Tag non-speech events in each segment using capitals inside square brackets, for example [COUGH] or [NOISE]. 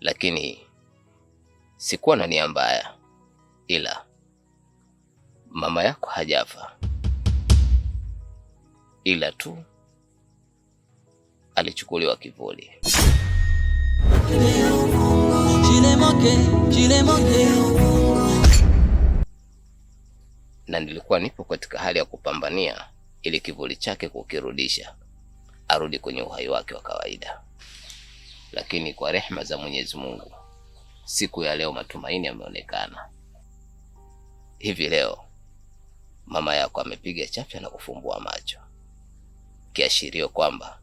lakini sikuwa na nia mbaya, ila mama yako hajafa, ila tu alichukuliwa kivuli. Na nilikuwa nipo katika hali ya kupambania ili kivuli chake kukirudisha, arudi kwenye uhai wake wa kawaida lakini kwa rehma za Mwenyezi Mungu siku ya leo matumaini yameonekana. Hivi leo mama yako amepiga chafya na kufumbua macho, kiashirio kwamba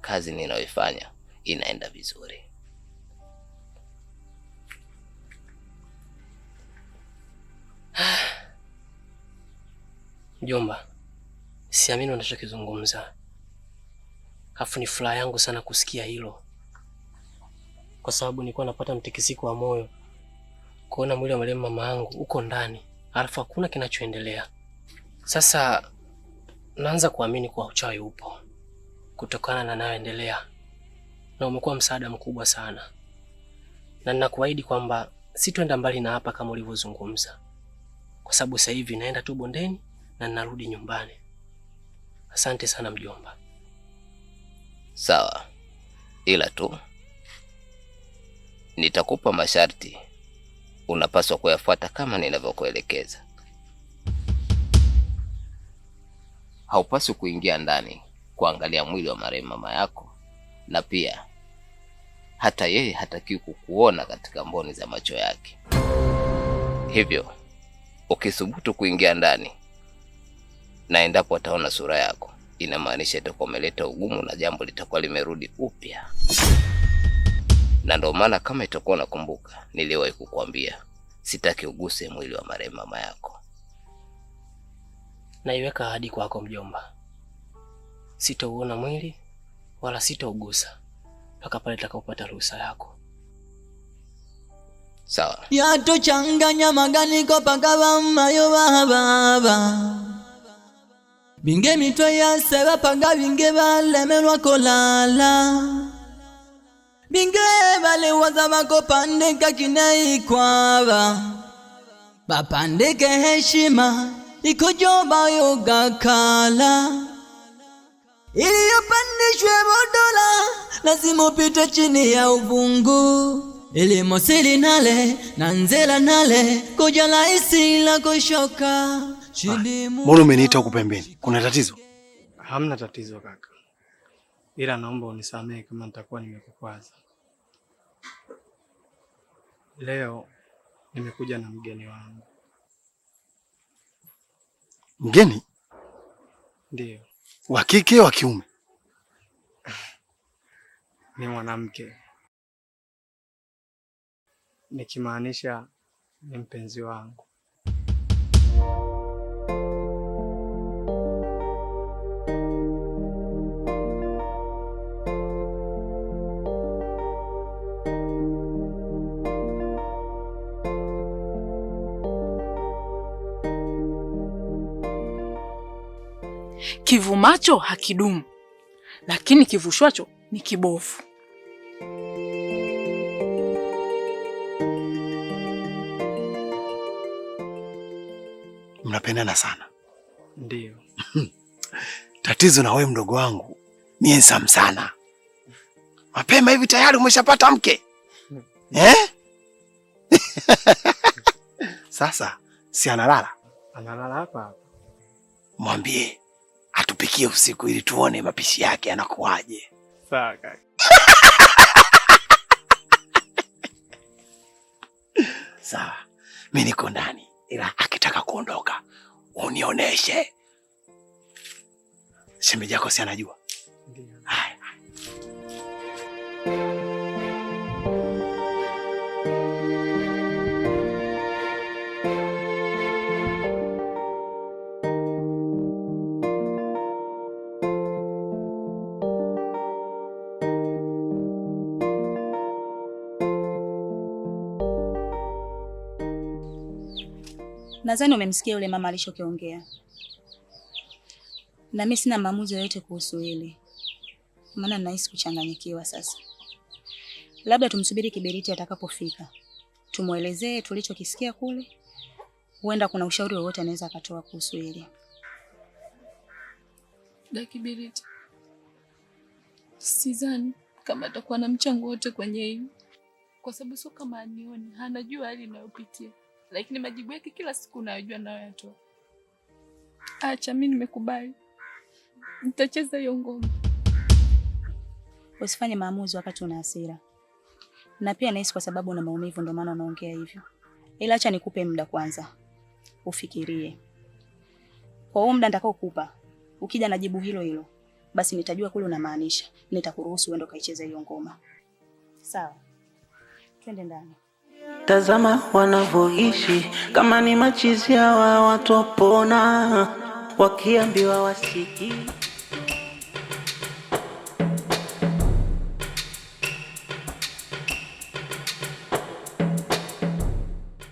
kazi ninayoifanya inaenda vizuri. [SIGHS] Mjomba, siamini unachokizungumza, afu ni furaha yangu sana kusikia hilo kwa sababu nilikuwa napata mtikisiko wa moyo kuona mwili wa marehemu mama yangu uko ndani, alafu hakuna kinachoendelea. Sasa naanza kuamini kuwa uchawi upo kutokana na nayoendelea, na umekuwa msaada mkubwa sana, na ninakuahidi kwamba sitwenda mbali na hapa kama ulivyozungumza, kwa sababu sasa hivi naenda tu bondeni na ninarudi nyumbani. Asante sana mjomba. Sawa, ila tu Nitakupa masharti, unapaswa kuyafuata kama ninavyokuelekeza. Haupaswi kuingia ndani kuangalia mwili wa marehemu mama yako, na pia hata yeye hatakiwi kukuona katika mboni za macho yake. Hivyo ukithubutu kuingia ndani, na endapo ataona sura yako, inamaanisha itakuwa umeleta ugumu na jambo litakuwa limerudi upya na ndio maana kama itakuwa nakumbuka, niliwahi kukwambia sitaki uguse mwili wa marehemu mama yako. Naiweka ahadi kwako mjomba, sitouona mwili wala sitougusa mpaka pale nitakapopata ruhusa yako. Sawa. yatochanganya maganiko pagavamayo vahavava binge mitwe yaseva panga vinge valemelwa kolala binge baliwaza waza kinai kwaba bapandeke heshima ikojoba yogakala iliyopandishwe bodola lazima upite chini ya uvungu ili mosili nale na nzela nale koja laisi koshoka kushoka. Mbona umeniita huku pembeni? Kuna tatizo? Hamna tatizo kaka ila naomba unisamehe kama nitakuwa nimekukwaza. Leo nimekuja na mgeni wangu. Mgeni? Ndio. wa kike wa kiume? [LAUGHS] Ni mwanamke, nikimaanisha ni mpenzi wangu. Kivumacho hakidumu, lakini kivushwacho ni kibovu. Mnapendana sana ndio? [LAUGHS] Tatizo na wewe mdogo wangu, mie nsam sana mapema hivi tayari umeshapata mke [LAUGHS] eh? [LAUGHS] Sasa si analala analala hapa hapa, mwambie Nipikie usiku ili tuone mapishi yake anakuwaje. Sawa Sawa, mi niko ndani, ila akitaka kuondoka unioneshe. Shemeji yako si anajua? Ndio. Haya. Nadhani umemsikia yule mama alichokiongea, na mimi sina maamuzi yoyote kuhusu hili, maana nahisi kuchanganyikiwa. Sasa labda tumsubiri Kiberiti atakapofika, tumwelezee tulichokisikia kule, huenda kuna ushauri wowote anaweza akatoa kuhusu hili. Da Kiberiti sizani kama atakuwa na mchango wote kwenye hii, kwa sababu sio kama anioni, anajua hali inayopitia lakini majibu yake kila siku unayojua nayoyatoa. Acha mi nimekubali, nitacheza hiyo ngoma. Usifanye maamuzi wakati una hasira, na pia nahisi kwa sababu una maumivu, ndio maana unaongea hivyo, ila acha nikupe muda kwanza ufikirie. Kwa huo muda nitakaokupa, ukija na jibu hilo hilo, basi nitajua kule unamaanisha, nitakuruhusu uende ukaicheza hiyo ngoma. Sawa, twende ndani. Tazama wanavyoishi, kama ni machizi hawa watopona, wakiambiwa wasiki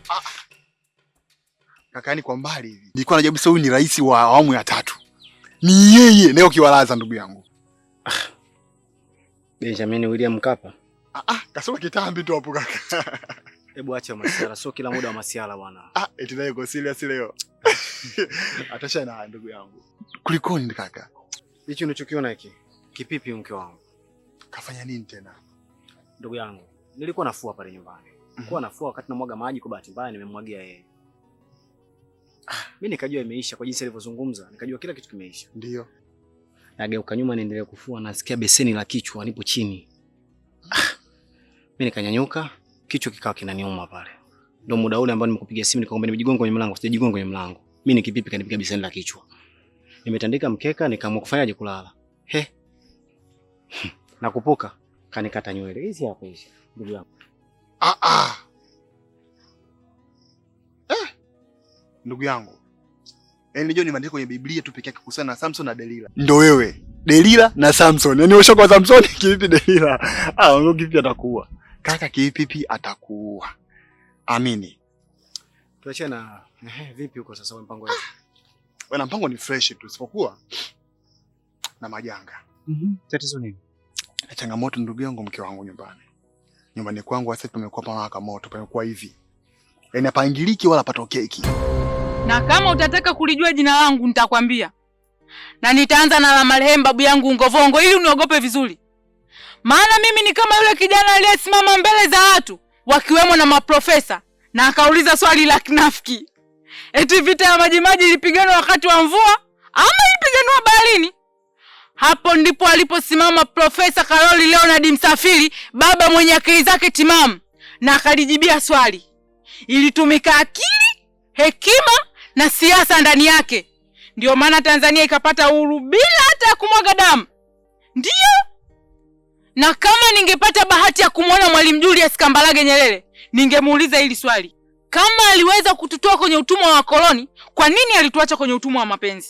ah, Kakani yaani kwa mbali hivi nilikuwa najabu, sasa huyu ni rais wa awamu ya tatu, ni yeye leo kiwalaza ndugu yangu ah. Benjamin William Mkapa ah, ah, kasoma kitambi tu hapo kaka [LAUGHS] Hebu acha masiala, sio kila muda wa masiala bwana. Ah, eti naye uko serious leo. [LAUGHS] Atasha na ndugu yangu. Kulikoni kaka? Hichi unachokiona hiki? Kipipi mke wangu. Kafanya nini tena? Ndugu yangu, nilikuwa nafua pale nyumbani. Mhm. Nilikuwa nafua wakati namwaga maji kwa bahati mbaya nimemwagia yeye. Ah. Mimi nikajua imeisha kwa jinsi alivyozungumza, nikajua kila kitu kimeisha. Ndio. Nageuka nyuma niendelee kufua, nasikia beseni la kichwa nipo chini. Ah. Mimi nikanyanyuka kichwa kikawa kinaniuma pale. Ndio muda ule ambao nimekupigia simu nikakwambia nimejigonga kwenye mlango, sijajigonga kwenye mlango. Mimi ni kipipi kanipiga bisani la kichwa. Nimetandika mkeka nikaamua kufanyaje kulala. He. [LAUGHS] Nakupuka kanikata nywele. Hizi hapa hizi. Ndugu yangu. Ah ah. Eh. Ndugu yangu. Yaani eh, leo nimeandika kwenye Biblia tu peke yake kuhusu na Samson na Delila. Ndio wewe. Delila na Samson. Yaani wa Samson kivipi Delila? Ah, ngo kipi atakuwa? kaka kipipi atakuua. Amini. Tuache na ehe. vipi huko sasa mpango wako? Ah, na mpango ni fresh tu isipokuwa na majanga. Mhm. Mm, tatizo nini? Na changamoto ndugu yangu, mke wangu nyumbani. Nyumbani kwangu sasa pamekuwa pamewaka moto, pamekuwa hivi. Yaani hapangiliki wala patokeki. Na kama utataka kulijua jina langu nitakwambia. Na nitaanza na la marehemu babu yangu Ngovongo ili uniogope vizuri maana mimi ni kama yule kijana aliyesimama mbele za watu wakiwemo na maprofesa na akauliza swali la kinafiki eti vita ya majimaji ilipiganwa wakati wa mvua ama ilipiganwa baharini? Hapo ndipo aliposimama Profesa Karoli Leonard Msafiri, baba mwenye akili zake timamu, na akalijibia swali. Ilitumika akili, hekima na siasa ndani yake. Ndiyo maana Tanzania ikapata uhuru bila hata ya kumwaga damu. Ndiyo na kama ningepata bahati ya kumwona Mwalimu Julius Kambarage Nyerere ningemuuliza hili swali, kama aliweza kututoa kwenye utumwa wa koloni, kwa nini alituacha kwenye utumwa wa mapenzi?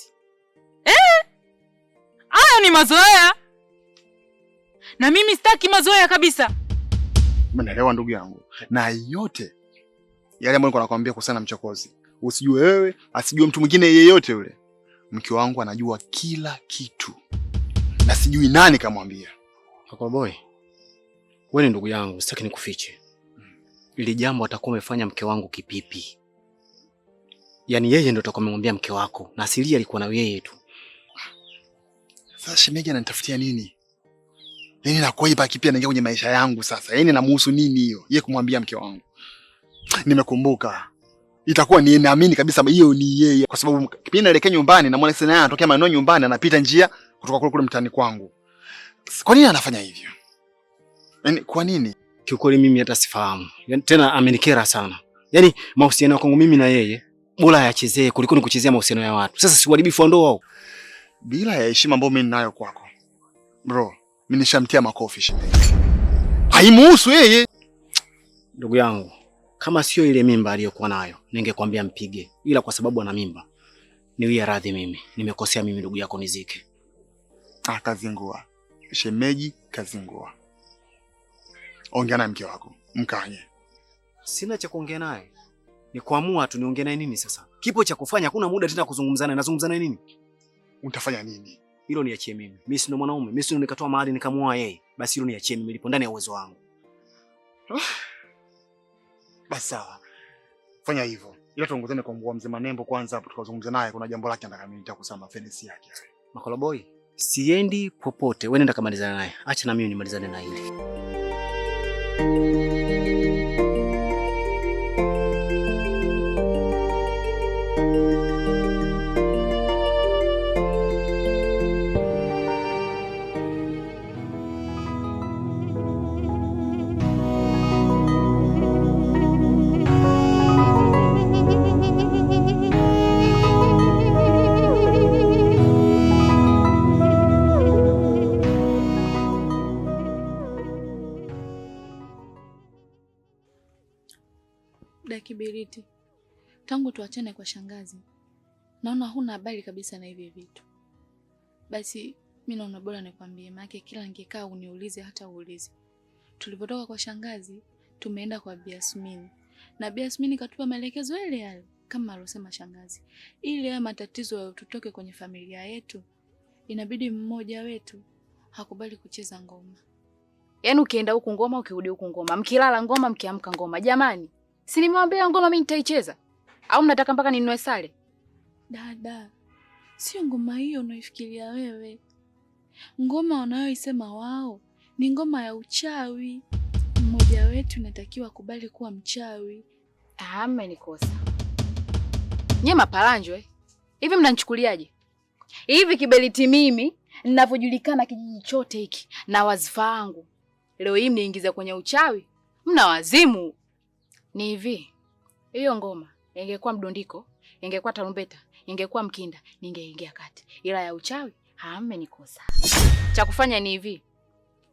Eh? Hayo eh, ni mazoea na mimi sitaki mazoea kabisa. Mnaelewa ndugu yangu, na yote yale ambayo niko nakwambia kuhusiana na mchokozi, usijue wewe, asijue mtu mwingine yeyote yule. Mke wangu anajua kila kitu na sijui nani kamwambia. Akoboy, wewe ni ndugu yangu, sitaki nikufiche hmm. ili jambo. Atakuwa amefanya mke wangu kipipi, yaani yeye ndio atakuwa amemwambia mke wako, na asili alikuwa na yeye tu. Sasa shemeji ananitafutia nini? Yaani nakuwa hapa kipia naingia kwenye maisha yangu sasa. Yaani namhusu nini hiyo? Yeye kumwambia mke wangu. Nimekumbuka. Itakuwa ni naamini kabisa hiyo ni yeye kwa sababu kipindi naelekea nyumbani na mwana sana anatokea maeneo nyumbani anapita njia kutoka kule kule mtaani kwangu. Kwa nini anafanya hivyo? Yaani kwa nini? Kiukweli mimi hata sifahamu. Yaani tena amenikera sana. Yaani mahusiano yangu mimi na yeye bora yachezee kuliko ni kuchezea mahusiano ya watu. Sasa si uharibifu wa ndoa au? Bila ya heshima ambayo mimi ninayo kwako. Bro, mimi nishamtia makofi shemeji. Haimuhusu yeye. Ndugu yangu, kama sio ile mimba aliyokuwa nayo, ningekwambia mpige. Ila kwa sababu ana mimba, niwie radhi mimi. Nimekosea mimi ndugu yako nizike. Atazingua. Ah, shemeji Kazingua. Ongea naye mke wako, mkanye. Sina cha kuongea naye, ni kuamua tu. niongee naye nini sasa? Kipo cha kufanya, hakuna muda tena kuzungumzana. Nazungumza naye nini? Utafanya nini? Hilo niachie mimi. Mimi si mwanaume, mimi si nikatoa mahali nikamua yeye. Basi hilo niachie mimi, lipo ndani ya uwezo wangu. Oh. Basi sawa, fanya hivyo, ila tuongozane kwa mguu mzima Nembo kwanza, hapo tukazungumza naye, kuna jambo lake nataka mimi nitakusema fenesi yake. Makoloboi. Siendi popote, wewe nenda kamalizana naye, acha na mimi nimalizane na hili. Tangu tuachane kwa shangazi, naona huna habari kabisa na hivi vitu. Basi mi naona bora nikwambie, maana kila ngekaa uniulize hata uulize. Tulipotoka kwa shangazi, tumeenda kwa Bi na Bi katupa maelekezo yale yale kama alosema shangazi, ili haya matatizo tutoke kwenye familia yetu, inabidi mmoja wetu hakubali kucheza ngoma. Yaani ukienda huku ngoma, ukirudi huku ngoma, mkilala ngoma, mkiamka ngoma. Jamani, si nimewambia ngoma mimi nitaicheza au mnataka mpaka ninunue sare? Dada, sio ngoma hiyo unaifikiria wewe. Ngoma wanayoisema wao ni ngoma ya uchawi. Mmoja wetu natakiwa kubali kuwa mchawi. Ah, mmenikosa nyie maparanjwe. Hivi mnanichukuliaje hivi Kibeliti? Mimi ninavyojulikana kijiji chote hiki na wazifa wangu, leo hii mniingiza kwenye uchawi? Mna wazimu! Ni hivi, hiyo ngoma ingekuwa mdundiko, ingekuwa tarumbeta, ingekuwa mkinda, ningeingia kati, ila ya uchawi hammenikosa. Cha kufanya ni hivi,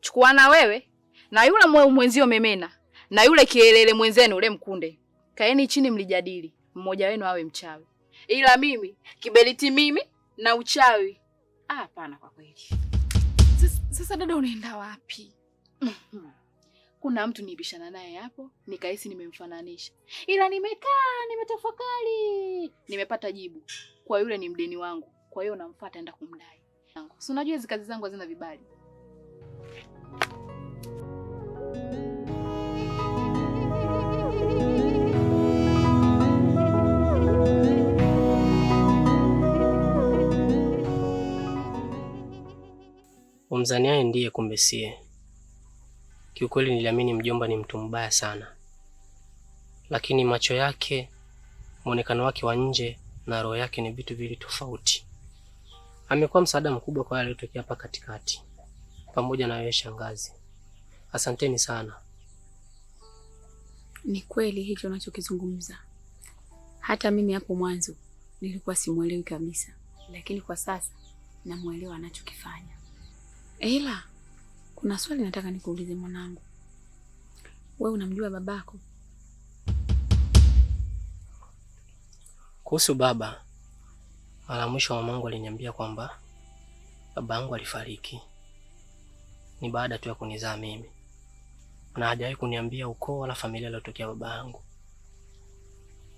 chukuana wewe na yule mwenzio Memena na yule kielele mwenzenu ule Mkunde, kaeni chini mlijadili, mmoja wenu awe mchawi, ila mimi kibeliti mimi na uchawi ah, hapana. Kwa kweli sasa, dada, unaenda wapi? Mm-hmm kuna mtu nibishana naye hapo, nikahisi nimemfananisha, ila nimekaa nimetafakari, nimepata jibu kwa yule ni mdeni wangu, kwa hiyo namfuata, enda kumdai. Si unajua hizi kazi zangu hazina vibali. Umzaniaye ndiye kumbe sie Kiukweli niliamini mjomba ni mtu mbaya sana, lakini macho yake, mwonekano wake wa nje na roho yake ni vitu vili tofauti. Amekuwa msaada mkubwa kwa aliyotokea hapa katikati, pamoja na wewe shangazi. Asanteni sana. Ni kweli hicho unachokizungumza, hata mimi hapo mwanzo nilikuwa simwelewi kabisa, lakini kwa sasa namwelewa anachokifanya. Ila kuna swali nataka nikuulize mwanangu. Wewe unamjua babako? Kuhusu baba, mara mwisho mamangu aliniambia kwamba baba yangu alifariki ni baada tu ya kunizaa mimi, na hajawahi kuniambia ukoo wala familia aliyotokea baba yangu.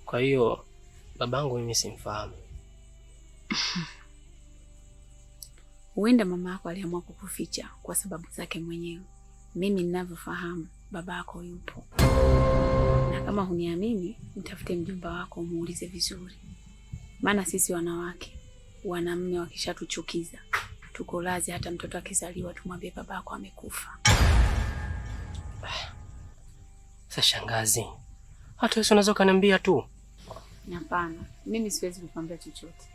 Kwa hiyo baba yangu mimi simfahamu. [LAUGHS] Huenda mama yako aliamua kukuficha kwa sababu zake mwenyewe. Mimi ninavyofahamu baba yako yupo, na kama huniamini, mtafute mjomba wako umuulize vizuri, maana sisi wanawake wanamme wakishatuchukiza tuko lazi, hata mtoto akizaliwa tumwambie baba yako amekufa. Sasa shangazi, hata wewe unaweza ukaniambia tu? Hapana, mimi siwezi kukwambia chochote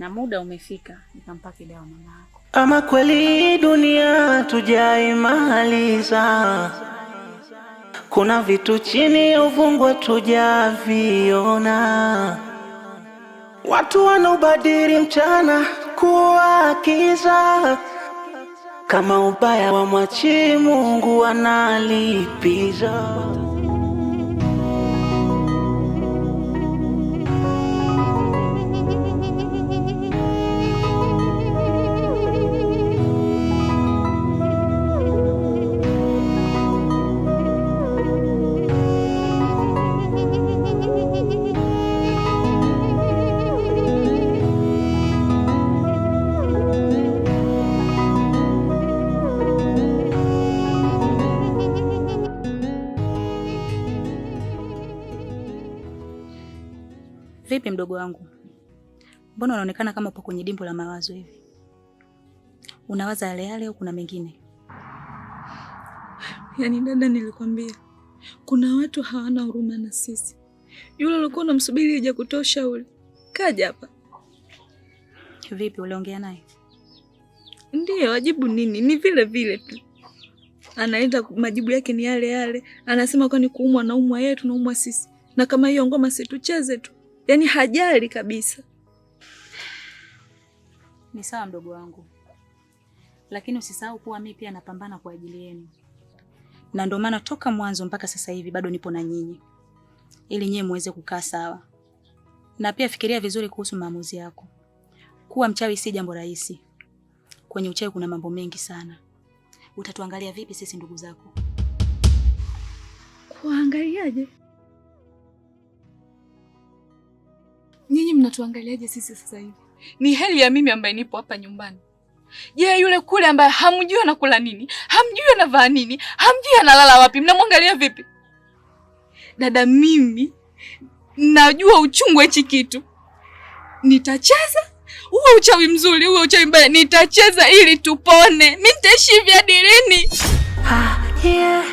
na muda umefika nikampake dawa mama yako. Ama kweli dunia tujaimaliza, kuna vitu chini uvungwa tujaviona, watu wanaubadili mchana kuwa kiza kama ubaya wa mwachi Mungu analipiza. mdogo wangu, mbona unaonekana kama upo kwenye dimbo la mawazo hivi? Unawaza yale yale au kuna mengine? Yaani dada, nilikwambia kuna watu hawana huruma na sisi. Yule alikuwa unamsubiri ija kutoa ushauri kaja hapa. Vipi, uliongea naye? Ndiyo, ajibu nini? Ni vile vile tu anaenda, majibu yake ni yale yale. Anasema kwani kuumwa naumwa yeye, tunaumwa sisi, na kama hiyo ngoma situcheze tu yaani hajali kabisa. Ni sawa mdogo wangu, lakini usisahau kuwa mimi pia napambana kwa ajili yenu, na ndio maana toka mwanzo mpaka sasa hivi bado nipo na nyinyi, ili nyewe muweze kukaa sawa. Na pia fikiria vizuri kuhusu maamuzi yako. Kuwa mchawi si jambo rahisi. Kwenye uchawi kuna mambo mengi sana. Utatuangalia vipi sisi ndugu zako? Kuangaliaje? Nyinyi mnatuangaliaje sisi sasa hivi? Ni heli ya mimi ambaye nipo hapa nyumbani. Je, yule kule ambaye hamjui anakula nini, hamjui anavaa nini, hamjui analala wapi, mnamwangalia vipi? Dada, mimi najua uchungu hichi kitu, nitacheza uwe uchawi mzuri, uwe uchawi mbaya, nitacheza ili tupone. Mimi nitaishi vya dirini. ah, yeah,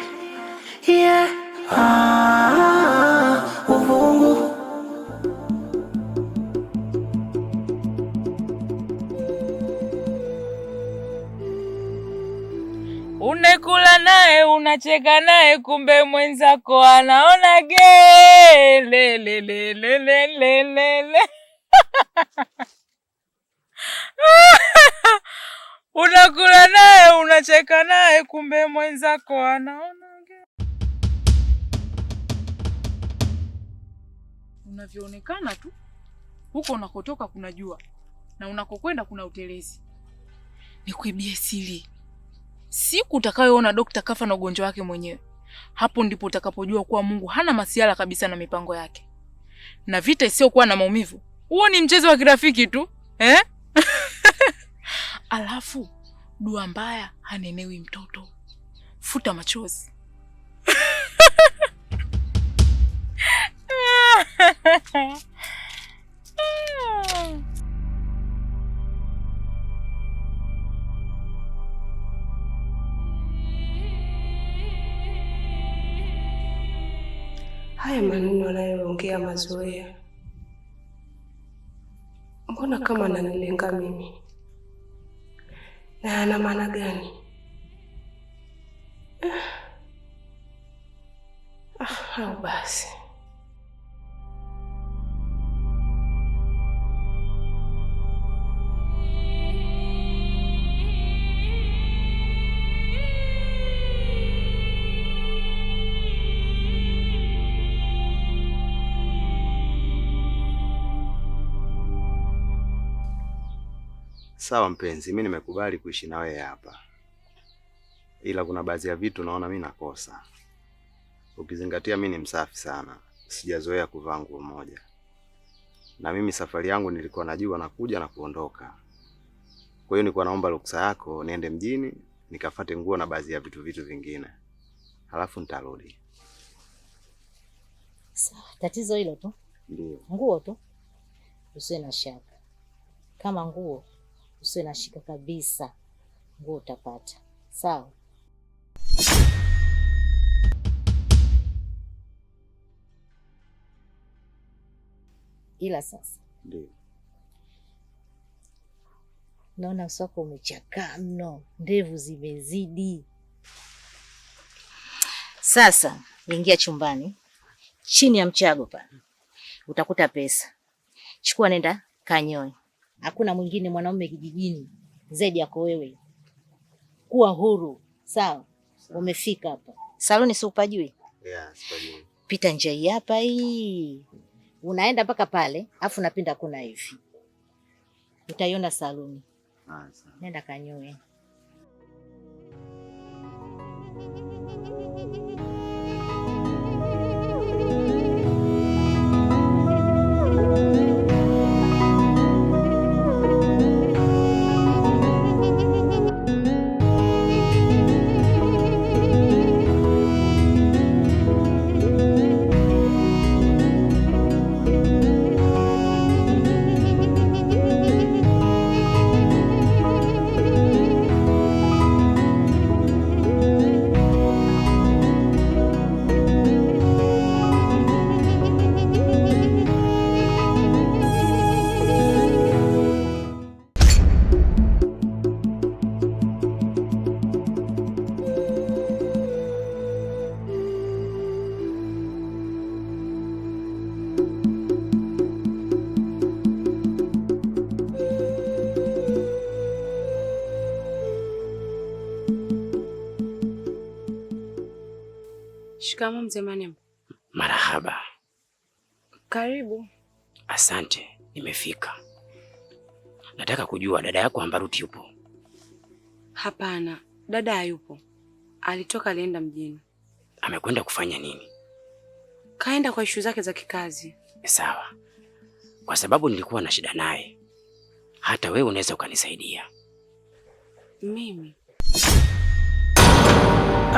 yeah, ah. umekula naye unacheka naye, kumbe mwenzako anaona le. Unakula naye unacheka naye, kumbe mwenzako anaona unavyoonekana tu huko unakotoka kuna jua na unakokwenda kuna utelezi. Nikuibie siri, Siku utakayoona dokta kafa na ugonjwa wake mwenyewe, hapo ndipo utakapojua kuwa Mungu hana masiala kabisa na mipango yake. Na vita isiyokuwa na maumivu, huo ni mchezo wa kirafiki tu eh? [LAUGHS] Alafu dua mbaya hanenewi mtoto, futa machozi. mazoea. Mbona kama ananilenga mimi, na ana maana gani? Sawa mpenzi, mi nimekubali kuishi na wewe hapa, ila kuna baadhi ya vitu naona mi nakosa, ukizingatia mi ni msafi sana, sijazoea kuvaa nguo moja, na mimi safari yangu nilikuwa najua nakuja na kuondoka. Kwa hiyo nilikuwa naomba ruksa yako niende mjini nikafate nguo na baadhi ya vitu vitu vingine, halafu nitarudi. Sawa, tatizo hilo tu, ndio nguo tu, usiwe na shaka kama nguo usiwe na shika kabisa, nguo utapata. Sawa. Ila sasa ndio naona uso wako umechakaa mno, ndevu zimezidi. Sasa ingia chumbani, chini ya mchago pale utakuta pesa, chukua, nenda kanyoe. Hakuna mwingine mwanaume kijijini zaidi yako wewe. Kuwa huru, sawa? Umefika hapa saluni, si upajui? Yeah, sipajui. Pita njia hii hapa hii, unaenda mpaka pale, afu napinda kuna hivi, utaiona saluni. Ah, Nenda kanyoe. Shikamoo mzee Manembo. Marahaba. Karibu. Asante, nimefika. Nataka kujua dada yako Ambaruti yupo? Hapana, dada hayupo. Alitoka, alienda mjini. Amekwenda kufanya nini? Kaenda kwa ishu zake za kikazi. Sawa, kwa sababu nilikuwa na shida naye. Hata wewe unaweza ukanisaidia mimi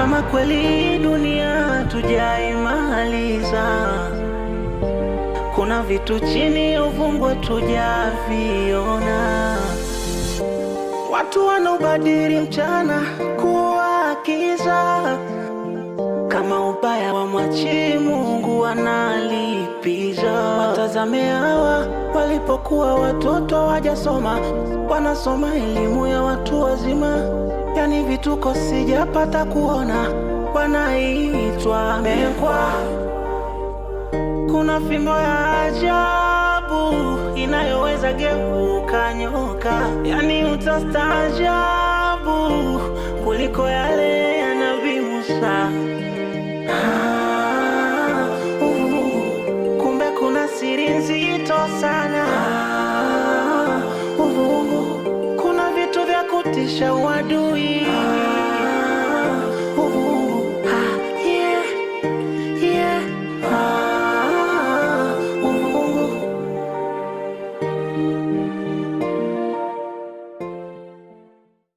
ama kweli dunia tujaimaliza, kuna vitu chini uvungwa tujaviona. Watu wanaobadili mchana kuwa kiza kama ubaya wa mwachi Mungu analipiza. Watazame hawa walipokuwa watoto wajasoma, wanasoma elimu ya watu wazima, yani vituko sijapata kuona, wanaitwa mekwa. Kuna fimbo ya ajabu inayoweza geuka nyoka, yani utastaajabu kuliko yale ya ah, uh, kumbe kuna siri nzito sana uh, kuna vitu vya kutisha uadui